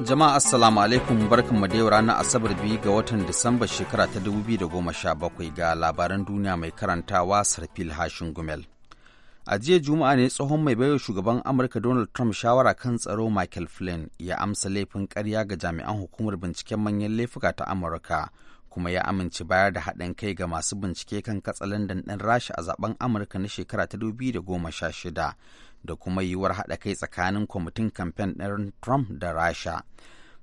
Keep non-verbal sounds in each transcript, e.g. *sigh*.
Jama'a Assalamu alaikum mu da yau ranar Asabar biyu ga watan Disamba shekara ta 2017 ga labaran duniya mai karantawa Sarfil Hashin Gumel. A jiya Juma'a ne tsohon mai baiwa shugaban Amurka Donald Trump shawara kan tsaro Michael Flynn ya amsa laifin karya ga jami'an hukumar binciken manyan laifuka ta Amurka kuma ya amince bayar da haɗin kai ga masu bincike kan katsalandan ɗin rasha a zaben Amurka na shekara ta 2016 da kuma yiwuwar haɗa kai tsakanin kwamitin kamfen ɗin Trump da Rasha.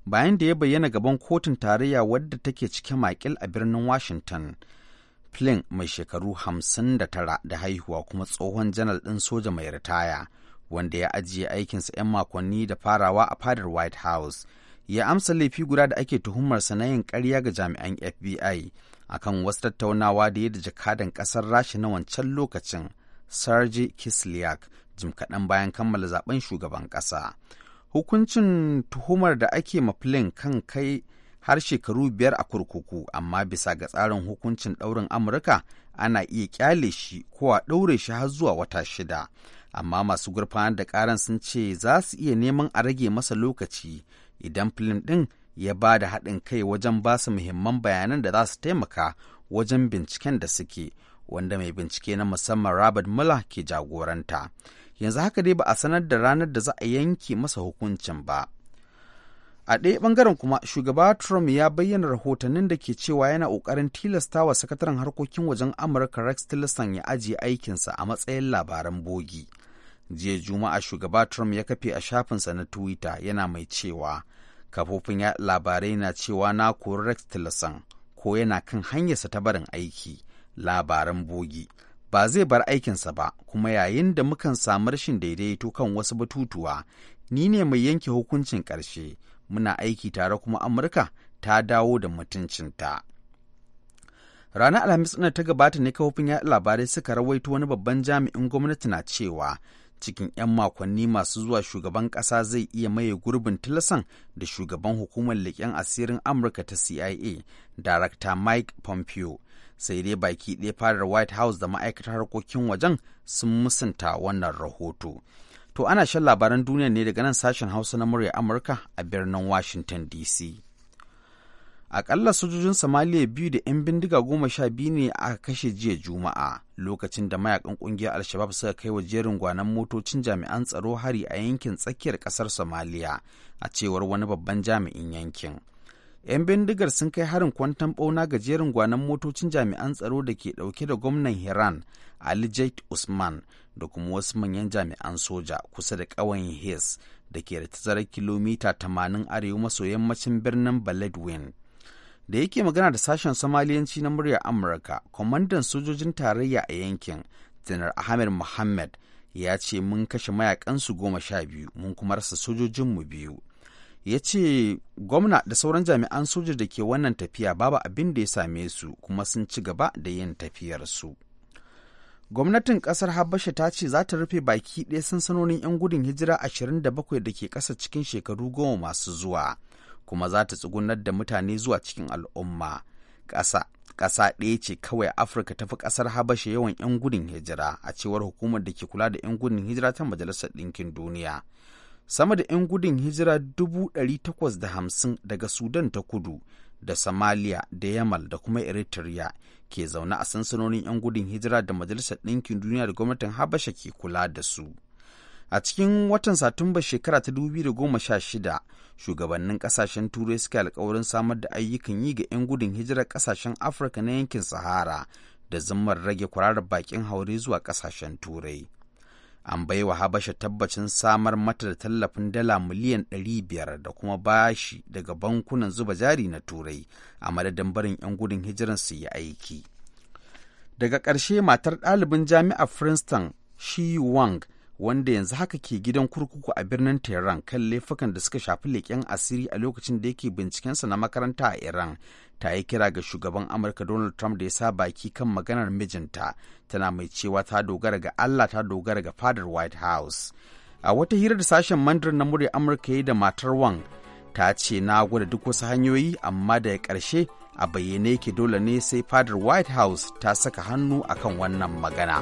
Bayan da ya bayyana gaban kotun tarayya wadda take cike makil a birnin Washington, Flynn mai shekaru hamsin da tara da haihuwa kuma tsohon janar ɗin soja mai ritaya, wanda ya ajiye aikinsa 'yan makonni da farawa a fadar White House, ya amsa laifi guda da ake tuhumarsa na yin ƙarya ga jami'an FBI akan wasu tattaunawa da ya da jakadan ƙasar Rasha na wancan lokacin, Sergei Kislyak jim kaɗan bayan kammala zaben shugaban ƙasa. Hukuncin tuhumar da ake ma Flynn kan kai har shekaru biyar a kurkuku amma bisa ga tsarin hukuncin ɗaurin amurka ana iya kyale shi ko a ɗaure shi har zuwa wata shida amma masu gurfanar da ƙaran sun ce za su iya neman a rage masa lokaci idan filim ɗin ya ba da haɗin kai wajen ba su muhimman bayanan da za su taimaka wajen binciken da suke wanda mai bincike na musamman robert muller ke jagoranta yanzu haka dai ba a sanar da ranar da za a yanke masa hukuncin ba a ɗaya ɓangaren kuma shugaba trump ya bayyana rahotannin da ke cewa yana ƙoƙarin tilasta wa sakataren harkokin wajen amurka rex tillerson ya ajiye aikinsa a matsayin labaran bogi jiya juma'a shugaba trump ya kafe a shafinsa na twitter yana mai cewa kafofin labarai na cewa na kori rex tillerson ko yana kan hanyarsa ta barin aiki labaran bogi ba zai bar aikinsa ba kuma yayin da mukan samu rashin daidaito kan wasu batutuwa ni ne mai yanke hukuncin ƙarshe muna aiki tare kuma amurka ta dawo da mutuncinta ranar alhamis ɗin ta gabata ne kafofin yaɗa labarai suka rawaito wani babban jami'in gwamnati na cewa cikin 'yan makonni masu zuwa shugaban ƙasa zai iya maye gurbin tilasan da shugaban hukumar leƙen asirin amurka ta cia Director mike pompeo sai dai baki ɗaya fadar white house da ma'aikatar harkokin wajen sun musanta wannan rahoto to ana shan labaran duniya ne daga nan sashen hausa na murya amurka a birnin washington dc akalla sojojin somaliya biyu da 'yan bindiga goma sha biyu ne aka kashe jiya juma'a lokacin da mayakan kungiyar alshabab suka kai wa jerin gwanan motocin jami'an tsaro hari a yankin tsakiyar kasar somaliya a cewar wani babban jami'in yankin 'yan bindigar sun kai harin kwantan bauna ga gwanan motocin jami'an tsaro da ke dauke da gwamnan iran ali jait usman da kuma wasu manyan jami'an soja kusa da ƙawayen hes da ke da tazarar kilomita 80 arewa maso yammacin birnin baledwin da yake magana da sashen somaliyanci na muryar amurka kwamandan sojojin tarayya a yankin janar ahmed muhammad ya ce mun kashe mayakansu goma sha biyu mun kuma rasa sojojinmu biyu ya ce gwamna da sauran jami'an soja da ke wannan tafiya babu abin da ya same su kuma sun ci gaba da yin tafiyarsu. Gwamnatin kasar Habasha ta ce za ta rufe baki ɗaya sansanonin 'yan gudun hijira 27 da ke ƙasa cikin shekaru goma masu zuwa, kuma za ta tsugunar da mutane zuwa cikin al'umma. Ƙasa ƙasa ɗaya ce kawai Afirka tafi ƙasar Habasha yawan 'yan gudun hijira a cewar hukumar da ke kula da 'yan gudun hijira ta Majalisar Ɗinkin Duniya. sama da 'yan gudun hijira hamsin daga Sudan ta kudu da samaliya da Yamal da kuma Eritrea ke zaune a sansanonin 'yan gudun hijira da Majalisar Ɗinkin Duniya da gwamnatin Habasha ke kula da su. A cikin watan Satumba shekara ta 2016, shugabannin kasashen Turai suka alkawarin samar da ayyukan yi ga 'yan gudun hijirar ƙasashen Afirka na yankin Sahara da zimmar rage kwararar bakin haure zuwa ƙasashen Turai. an wa habasha tabbacin samar mata da tallafin dala miliyan ɗari biyar da kuma bashi daga bankunan zuba jari na turai a madadin barin 'yan gudun hijiran su yi aiki daga ƙarshe matar ɗalibin jami'a princeton shi wang wanda yanzu haka ke gidan kurkuku a birnin tehran kan laifukan da suka shafi leƙen asiri a lokacin da yake bincikensa na makaranta a iran ta yi kira ga shugaban amurka donald trump da ya sa baki kan maganar mijinta tana mai cewa ta dogara ga allah ta dogara ga fadar white house a wata hira da sashen mandarin na murya amurka yi da matar wang ta ce na gwada duk wasu hanyoyi amma daga ƙarshe a bayyane yake dole ne sai fadar white house ta saka hannu akan wannan magana.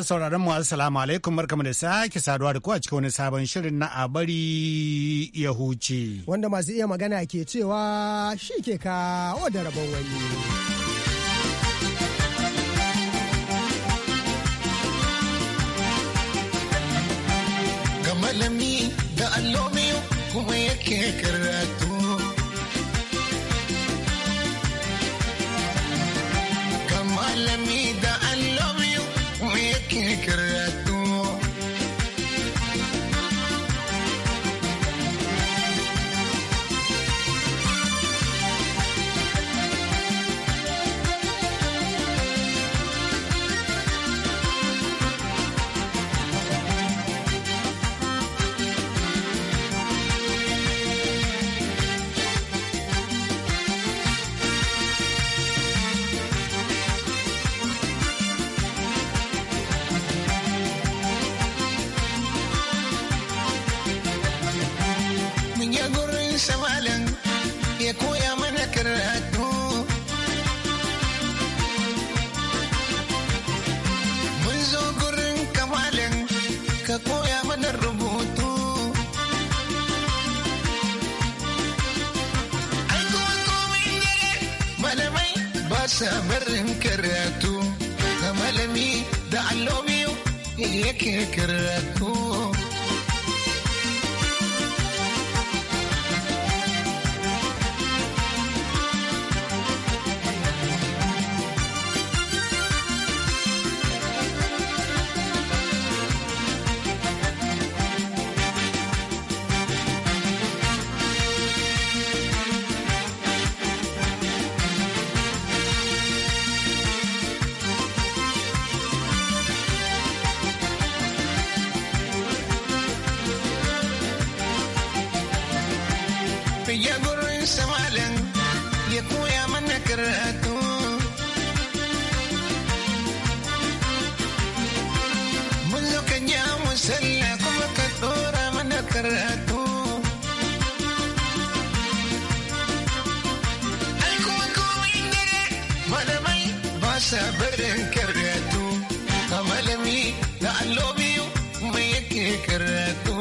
masu sauraron mu assalamu alaikum barkamu da sake saduwa da ku a cikin wani sabon shirin na a bari ya huce. Wanda masu iya magana ke cewa shi ke kawo da rabon wani. yake karatu kasa karatu a malami da allo biyu mai yake karatu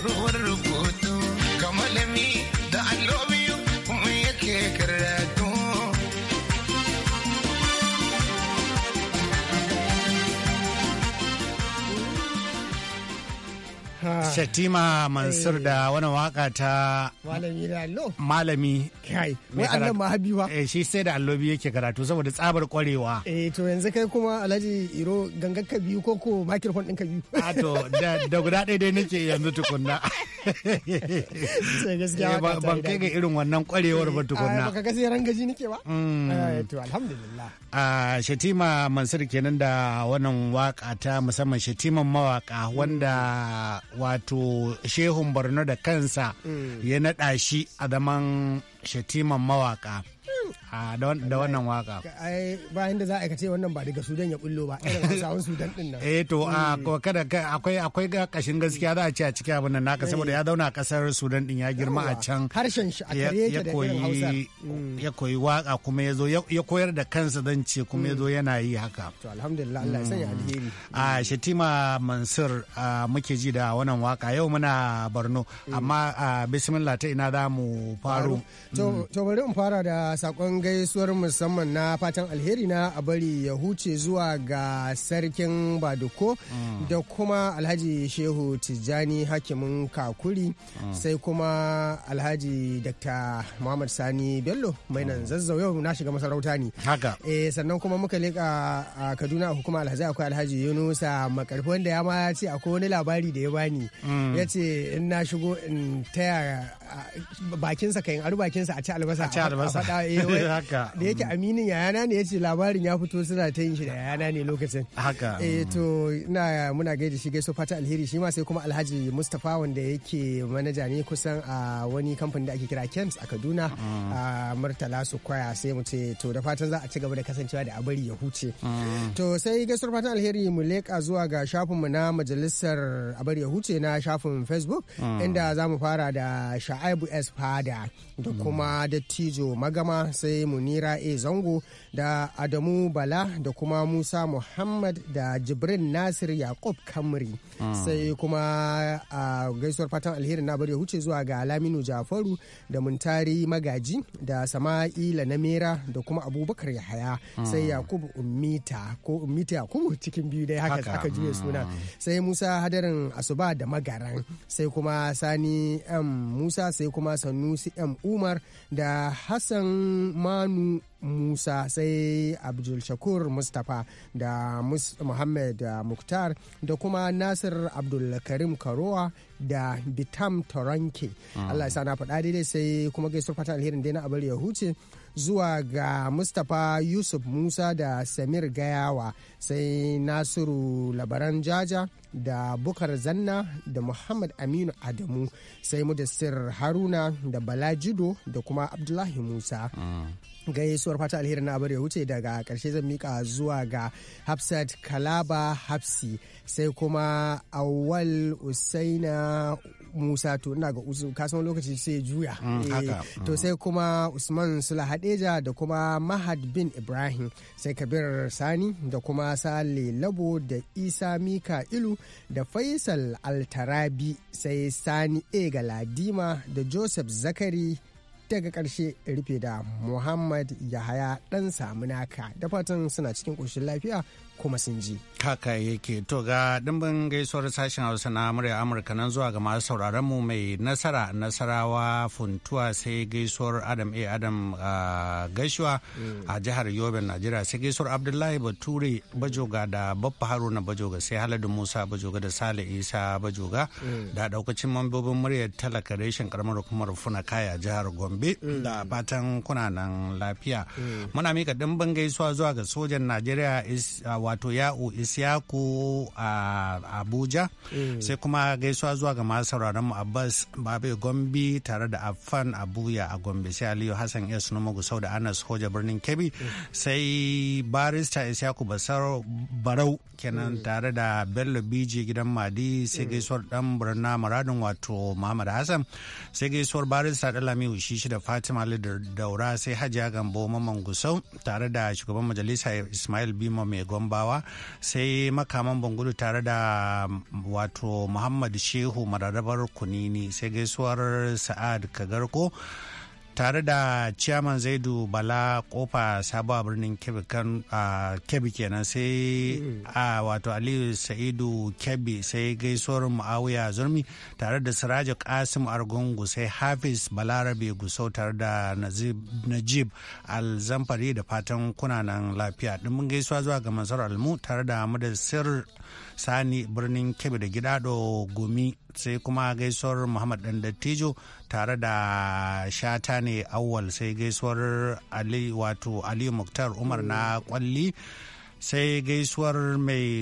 ruwan rubutu Ah. Shatima Mansur da eh. wani waka ta Malami da Allo. Malami. Kai, wai Allah ma habiba. Eh shi sai da allobi yake karatu saboda tsabar kwarewa. Eh to yanzu kai kuma Alhaji Iro gangan ka biyu ko ko microphone ɗin ka biyu. A ah, to da guda ɗaya dai nake yanzu tukunna. Eh, ban kai ga irin wannan kwarewar ba tukunna. Ah, ba ka gasi sai rangaji nake ba. Mm. Eh, to alhamdulillah. a shatima mansur kenan da wannan waka ta musamman shatiman mawaka mm. wanda wato shehun borno da kansa mm. ya naɗa shi a zaman shatiman mawaka a da wannan waka ai bayan da za a kace wannan ba daga sudan ya bullo ba irin hausawan sudan din nan eh to a hmm. kada akwai akwai kashin gaskiya za a ce a cikin abin nan naka saboda ya eh. zauna a kasar sudan din ya girma a can harshen shi a kare yake da hausa hmm. ya koyi waka kuma ya zo ya koyar da kansa dan ce kuma ya zo hmm. yana yi haka to alhamdulillah Allah ya sanya alheri a shatima mansur muke ji da wannan waka yau muna Borno amma bismillah ta ina za mu faru to bari in fara da sako sakon gaisuwar musamman na fatan alheri na a bari ya huce zuwa ga sarkin baduko mm. da kuma alhaji shehu tijjani hakimin kakuri mm. sai kuma alhaji dr muhammad sani bello mai nan mm. zazzau yau na shiga masarauta ne haka eh sannan kuma muka leka a kaduna a hukumar alhaji akwai alhaji yunusa makarfi wanda ya ma ce akwai wani labari da ya bani ya ce in na shigo in taya bakinsa kayan aru bakinsa a ci albasa a ci albasa. Eh, *laughs* haka da yake aminin yayana ne ce labarin ya fito suna ta yin shi da yayana ne lokacin haka eh, mm. to ina muna gaida shi gaiso fata alheri shi ma sai kuma Alhaji Mustafa wanda yake manaja ne kusan a wani kamfanin da ake kira Kems a Kaduna mm. a Murtala su kwaya sai mu ce to da fatan za a ci gaba da kasancewa da abari ya huce mm. to sai gaiso Fata alheri mu leka zuwa ga shafin mu na majalisar abari ya huce na shafin Facebook inda za mu fara da Sha'aibu S Fada da kuma Dattijo Magama sai munira a zango da adamu bala da kuma musa muhammad da jibrin nasir yakub kamri hmm. sai kuma a gaisuwar fatan alherin na bari wuce zuwa ga laminu jafaru da muntari magaji da sama'ila na mera da kuma abubakar yahaya hmm. sai yakubu umita ko ummita yakubu *laughs* cikin biyu dai haka aka juya hmm. suna sai musa hadarin asuba da magaran sai kuma sani m musa sai kuma sanusi m umar da hassan manu musa sai abdul shakur mustapha da muhammad eh, muktar da kuma nasir abdul karim karowa da bitam toronke ah. allah ya sa na faɗa daidai sai kuma gaisuwar fatan alherin dai na abar ya huce zuwa ga mustapha yusuf musa da samir gayawa sai nasiru labaran jaja da bukar zanna da muhammad aminu adamu sai mudassir haruna da bala jido da kuma abdullahi musa mm. gaisuwar fata alheri na abar ya wuce daga karshe zan mika zuwa ga hafsat kalaba hafsi sai kuma awal usaina musa to ina ga uzu san lokaci sai juya mm, eh, to mm. sai kuma usman sula hadeja da kuma mahad bin ibrahim sai kabir sani da kuma sale labo da isa mika ilu da faisal altarabi sai sani e galadima da joseph zakari daga ƙarshe rufe da muhammad yahaya ɗan naka da fatan suna cikin ƙoshin lafiya kuma sun ji. Haka yake to ga dimbin gaisuwar sashen Hausa na murya Amurka nan zuwa ga masu sauraron mu mai nasara nasarawa funtuwa sai gaisuwar Adam A Adam gaisuwa a jihar Yobe Najeriya sai gaisuwar Abdullahi Bature Bajoga da Baffa Haruna Bajoga sai Haladu Musa Bajoga da Sale Isa Bajoga da daukacin mambobin muryar talaka reshen karamar hukumar Funa Kaya jihar Gombe da fatan kuna nan lafiya. Muna mika dimbin gaisuwa zuwa ga sojan Najeriya wato ya'u isiyaku a abuja mm. sai kuma gaisuwa zuwa ga masu sauraron mu abbas babe gombe tare da afan abuya a gombe sai aliyu hassan s numugu sau da anas hoja birnin kebbi mm. sai barista isiyaku basar barau kenan mm. tare da bello biji gidan madi sai gaisuwar dan birna muradin wato muhammad hassan sai gaisuwar barista dalami shishi da fatima daura sai hajiya gambo maman gusau tare da shugaban majalisa ismail bimo mai gombe bawa sai makaman Bangudu tare da mm, wato Muhammad Shehu mararrabar Kunini sai gaisuwar Sa'ad Kagarko tare da ciyaman zaidu bala kofa sabuwa birnin kebbi kenan sai mm. a wato aliyu sa'idu kebbi sai gaisuwar ma'awuya zurmi tare da siraja kasim argungu sai hafiz balarabe gusau tare da najib alzamfari da fatan kunanan lafiya dimbin gaisuwa zuwa ga almu tare da sir sani birnin kebbi da gidado gumi sai kuma gaisuwar muhammad dan dattijo tare da shata ne awwal sai gaisuwar ali wato aliyu muktar umar na kwalli sai gaisuwar mai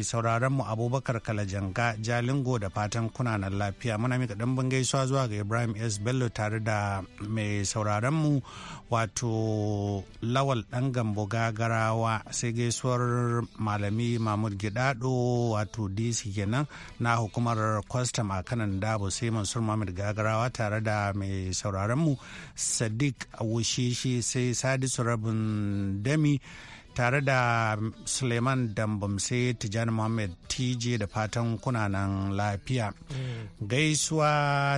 mu abubakar kalajanga jalingo da fatan kunanan lafiya muna mika ɗimbin gaisuwa zuwa ga ibrahim s bello tare da mai sauraronmu wato lawal ɗan gambo gagarawa sai gaisuwar malami mahmud gidado wato dc kenan na hukumar kwastam a kanan dabo sai mansur mahmud gagarawa tare da mai sauraronmu sadiq wushishi sai sadisu rabin dami tare da suleiman dambamse tijani muhammad tj da fatan kunanan lafiya gaisuwa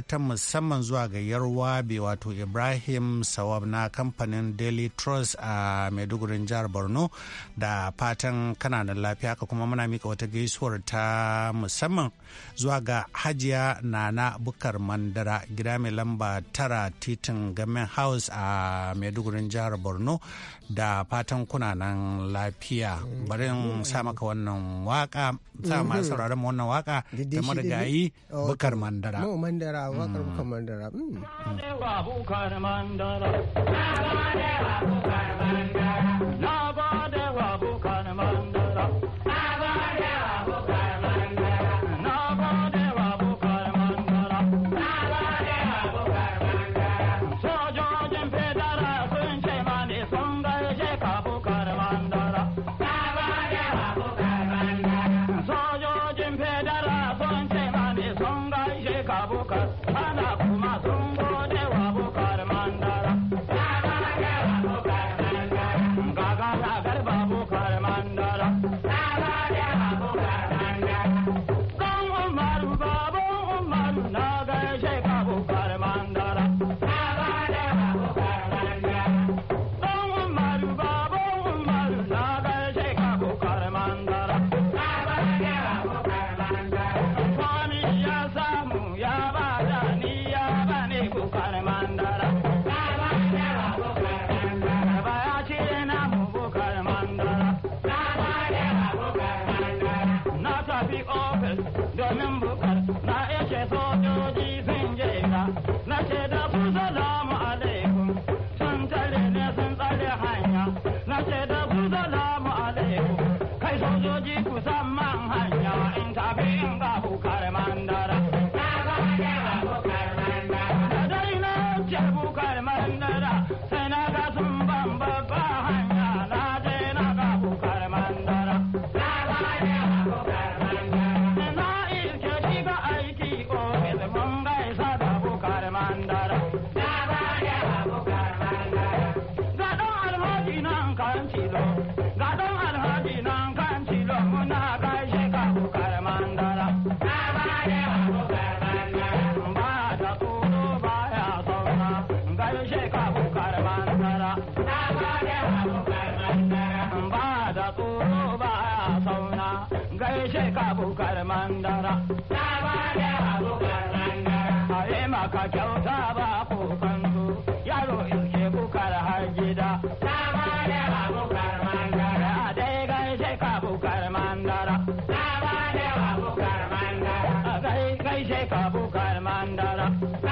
ta musamman zuwa ga yarwabe wato ibrahim sawab na kamfanin daily trust a maidugurin jihar borno da fatan kananan lafiya ka kuma muna mika wata gaisuwar ta musamman zuwa ga hajiya na bukar mandara gida mai lamba tara titin gamen house a maidugurin jihar borno da fatan kunanan lafiya mm. bari in mm. sa maka wannan waka sa ma mm-hmm. sauraron mu wannan waka da madagayi oh, bukar mandara mu mandara wakar bukar mm. mandara bukar mandara bukar mandara Bye. ishe ka bukar mandara. Na ba bukar mandara. Are maka kyauta ba ko yaro ishe bukar har gida. Na bukar mandara. A dai she ka bukar mandara. Na ba bukar mandara. A gai she ka bukar mandara.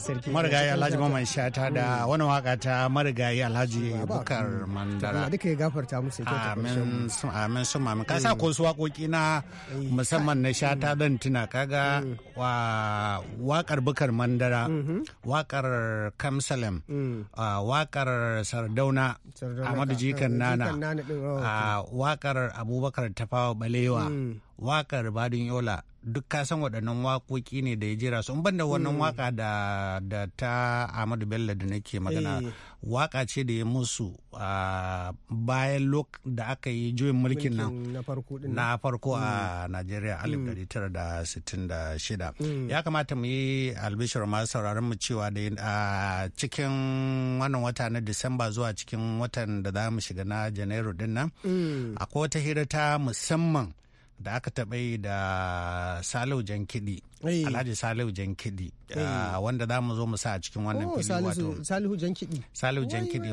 sarki marigayi alhaji mamman shata da mm. wani waka ta marigayi alhaji bukar mm. mandara duka ya gafarta musu amin amin sun amin ka sa mm. ko su waƙoƙi na eh, musamman na shata don tuna kaga wa wakar bukar mandara mm-hmm. wakar kamsalem wakar sardauna amadu eh, jikan nana oh, wakar abubakar tafawa balewa wakar Badin Yola duk ka san waɗannan waƙoƙi ne da ya jira su ban da wannan mm. waka da ta Ahmadu Bello da nake magana eh. waka ce da ya musu bayan lok da aka yi juyin mulkin na farko a mm. Najeriya 1966 mm. ya kamata mu yi albishir masu sauraron mu cewa da a cikin wannan wata na Disamba zuwa cikin watan da za mu shiga na Janairu din nan akwai wata hira ta musamman da aka taɓa yi da Salau Jankidi. Eh. Alhaji Salau Jankidi. Eh. Ah, wanda za mu zo mu sa a cikin wannan oh, fili wato. Salihu Jankidi. Salihu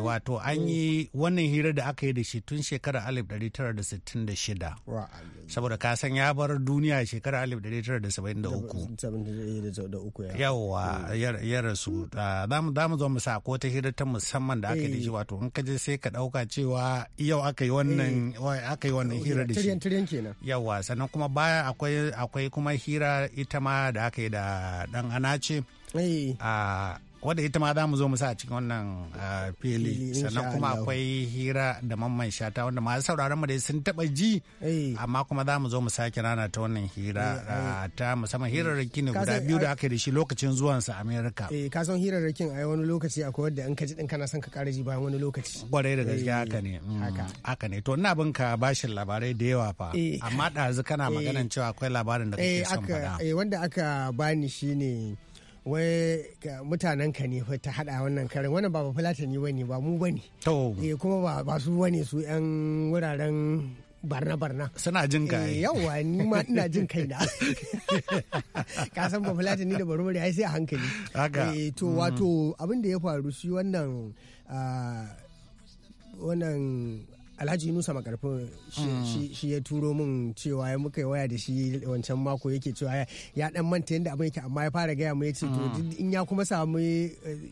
wato an oh. yi wannan hira da aka yi da shi tun shekarar 1966. Saboda ka san ya bar duniya shekarar 1973. Yawwa eh. ya rasu. Ah, za mu zo mu sa ko ta hira ta musamman da aka yi da shi wato in ka je sai ka ɗauka cewa yau aka yi wannan oh, hira da shi. Yawwa sannan kuma baya akwai kuma hira ita ma da aka yi da dan anace ah, wadda ita ma za mu zo mu sa a cikin wannan ah, fili sannan kuma akwai hira da mamman shata wanda masu sauraron mu da sun taba ji eh. amma kuma za mu zo mu sake rana ta wannan hira eh, ah, eh. ta musamman hirarraki ne guda biyu da ah, aka yi da shi lokacin zuwansa america eh ka san hirarrakin a wani lokaci akwai wadda in ka ji din kana son ka ƙara ji bayan wani lokaci kwarai da gaske haka ne mm, haka ne to ina bin ka bashin labarai da yawa fa amma ɗazu kana maganan cewa akwai labarin da kake son faɗa eh wanda aka bani shine wai mutanen ka ne ta hada wannan karin wannan ba ne wani ba mu bane to eh, kuma ba su bane su yan wuraren barna-barna. Suna jin ka yi. Eh, Yawwa ni ma ina jin kai da. *laughs* Ka san ba fulata ni da barumari ai sai a hankali. Haka. Eh to mm. wato abin da ya faru shi wannan ah, wannan alhaji nusa makarfin hmm. shi ya turo min cewa ya muka waya da shi wancan mako yake cewa ya dan manta yadda abin yake amma ya fara gaya mu ya to hmm. in ya kuma samu eh,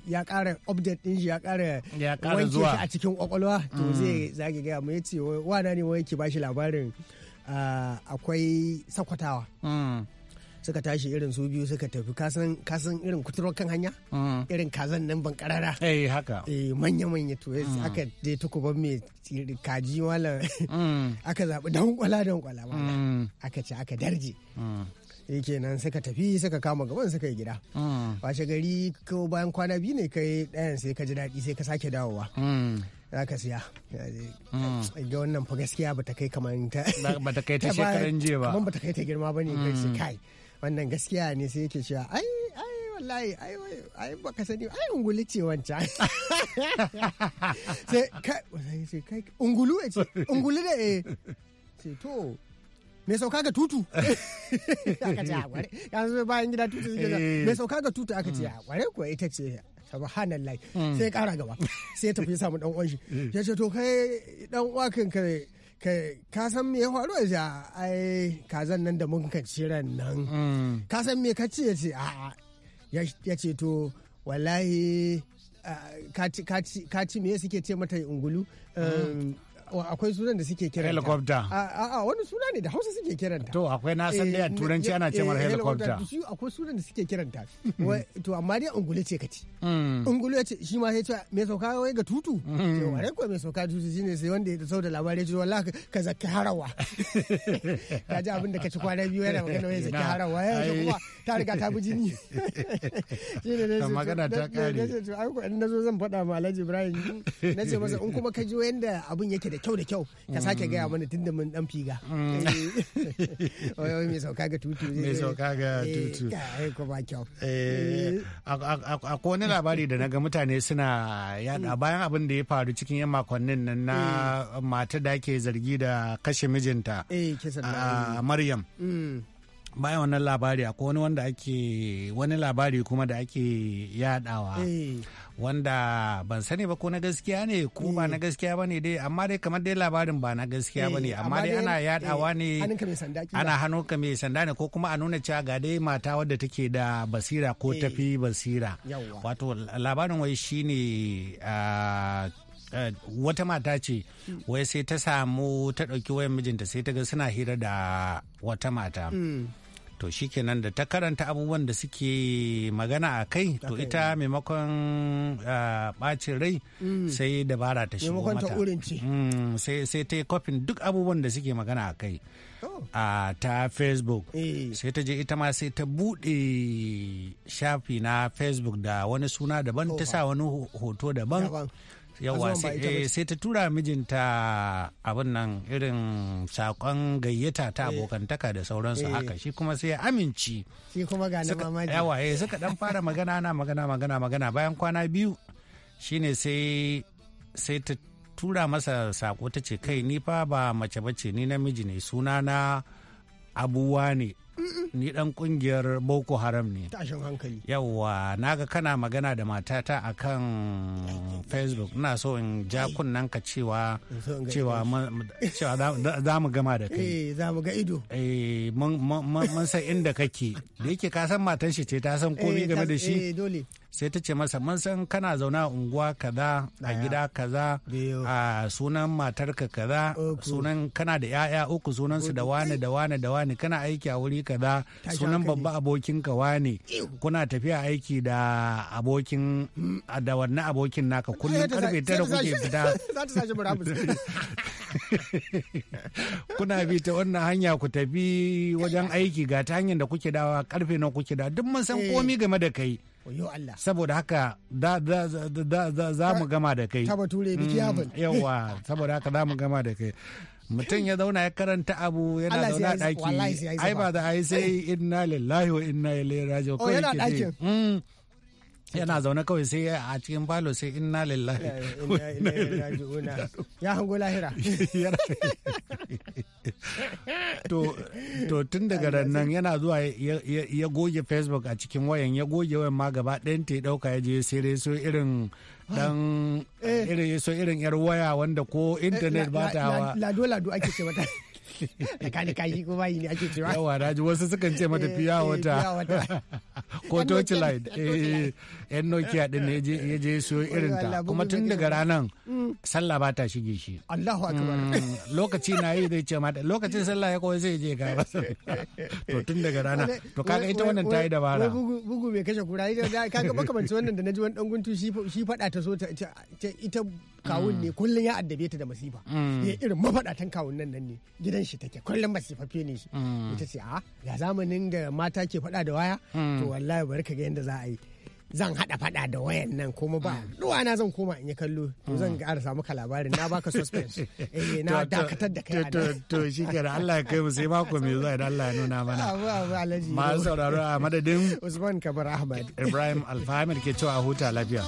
ya kara update din shi ya kara wanke shi a cikin kwakwalwa to hmm. zai zage gaya mu ya ce ne wani yake bashi labarin ah, akwai sakwatawa suka tashi irin su biyu suka tafi kasan kasan irin kuturwar kan hanya mm. irin kazan nan ban karara eh haka eh manya manya to eh, mm. aka je takuban mai kaji wala mm. *laughs* aka zabi dan kwala dan kwala aka ce aka darje shi kenan suka tafi suka kama gaban suka yi gida washe gari ko bayan kwana biyu ne kai ɗayan sai ka ji daɗi sai ka sake dawowa za ka siya ga wannan fa gaskiya ba ta kai kamar ta ba ta kai ta *laughs* shekaran jiya ba kamar ba ta kai ta girma ba ne kai kai wannan gaskiya ne sai yake cewa ai ai wallahi ai ai baka sani ai ungulu ce wancan *laughs* sai kai ungulu ce ungulu da eh *laughs* ce ah, to eh. me sauka ga tutu aka ce hmm. a ah, kware yanzu bayan gida tutu suke da sauka ga tutu aka ce a kware kuwa ita ce subhanallah hmm. sai kara gaba sai tafi samun samu dan uwan shi hmm. ya ce to kai dan uwa kai ka san me ya faru a ja ai kazan nan da mun ciran ran nan mm. ka san me ka ce ya ce a'a ya ce to wallahi ci me suke ce mata ungulu mm. um, akwai sunan da suke kiran helicopter a a wani suna ne da Hausa suke kiranta to akwai na san da eh, turanci ana ce mar eh, helicopter to akwai sunan da suke kiranta *laughs* to amma dai ungulu ce kace hmm. ungulu ce shi ma sai ce me sauka wai ga tutu to wai ko me sauka tutu shine sai wanda ya da labarai ji wallahi ka zaki harawa *laughs* ka ji abin da kace kwana biyu yana magana wai zaki harawa ya kuma ta riga ta bi jini *laughs* shine ne magana ta kare ai ko in nazo zan faɗa ma Alhaji Ibrahim nace masa in kuma ka ji yanda abin yake da kyau da kyau ka sake gaya mm. mana tunda mun dan figa mm. *laughs* eh, mai sauka ga tutu mai sauka ga eh, tutu ba kyau eh, akwai wani labari da naga mutane suna yada mm. bayan abin da ya faru cikin yan makonnin nan na mata da ke zargi da kashe mijinta maryam bayan wannan labari akwai wani wanda ake wani labari kuma da ake yadawa wanda ban sani ba ko na gaskiya ne ko ba eh. na gaskiya ba ne dai amma dai kamar dai labarin ba na gaskiya ba ne eh, amma dai ana eh, yadawa ne ana hannu ka mai sanda ne ko kuma a nuna cewa ga dai mata wadda take da basira ko tafi basira wato labarin wai shine ah, ah, wata mata ce hmm. wai sai ta samu ta ɗauki wayan mijinta sai ta ga suna hira da wata mata. Hmm. to shikenan da ta karanta abubuwan da suke magana a kai to ita eh. maimakon bacin ah, rai mm. sai dabara ta shigo mata mm, sai ta yi kofin duk abubuwan da suke magana a kai oh. a ta facebook eh. sai ta je ita ma sai ta bude shafi na facebook da wani suna daban ta sa wani hoto daban yawa eh, sai ta tura mijinta abin nan irin sakon gayyata ta eh. abokantaka da sauransu eh. haka shi kuma sai ya aminci shi kuma ga yawa eh suka dan fara magana ana magana magana magana bayan kwana biyu shine sai sai ta tura masa sako ta ce kai ni fa ba mace bace ni namiji ne suna na abuwa ne ni dan kungiyar boko haram ne tashin hankali yawwa naga kana magana da matata akan facebook ina so in ja kunnen ka cewa cewa *laughs* za mu gama da kai eh za mu ga ido eh mun san inda kake da yake ka san matan shi ce ta san eh, komai game da shi eh, sai ta ce masa mun san kana zaune a unguwa kaza a gida kaza a sunan matarka kaza sunan kana da 'ya'ya uku sunan su da wani da wani da wani kana aiki a wuri ka. kaza sunan babba abokin ka wane kuna tafiya aiki da abokin da wannan abokin naka kullum karfe tara kuke fita *laughs* *laughs* kuna bi ta wannan hanya ku tafi wajen aiki ga ta hanyar da kuke dawa karfe na kuke da duk mun san eh. komi game da kai saboda haka za mu gama da kai yawa saboda haka za mu gama da kai mutum ya zauna ya karanta abu yana zauna daki ai ba da ai sai eh. inna lillahi wa inna ilaihi raji'un oh, ko ke yana zaune kawai sai a cikin falo sai inna lillahi ya hango lahira *laughs* to tun daga rannan yana zuwa ya goge facebook a cikin wayan ya goge wayan ma gaba ɗayan ta ɗauka ya je sai so irin dan eh. irin so irin yar waya wanda ko eh, intanet ba ta hawa lado lado ake ce mata *laughs* mekanika shi kuma yi ne ake cewa yawa na ji wasu sukan ce mata fiya eh, wata eh, *laughs* ko torchlight eh, yan nokia din ne ya je so irin ta kuma tun daga ranar mm. sallah ba ta shige shi Allahu mm, akbar lokaci na yi zai ce mata lokacin sallah ya kawai sai je ga *laughs* to tun daga rana to kaga ita wannan ta yi dabara bugu bai kashe kura kaga makamanci wannan da na ji wani dan guntu shi fada ta so ta ita kawun ne hmm. kullum ya addabe ta da masifa hmm. ya irin mafaɗatan kawun nan ne gidan shi take kullum masifaffe ne shi hmm. ita ce a ga zamanin da mata ke faɗa da waya to wallahi bari ka ga yadda za a yi zan haɗa faɗa da wayan nan kuma ba ruwa na zan koma in yi kallo to zan ƙara samu ka labarin na baka suspense *laughs* eh na dakatar da kai to to shi kenan Allah ya kai mu sai mako mai zuwa idan Allah ya nuna mana *laughs* ma sauraro a madadin *laughs* Usman Kabar Ahmad Ibrahim Alfahamid ke cewa huta lafiya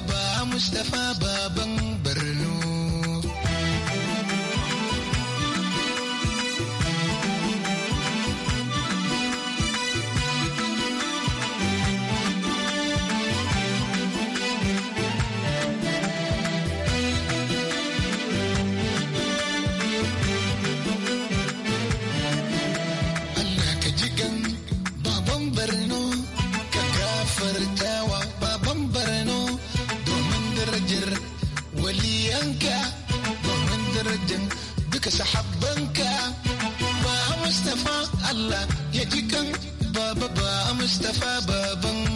baba Mustapha baban Borno. ka domin darajan duka sahabbanka ba Mustapha Allah ya ji kan baba ba mustafa baban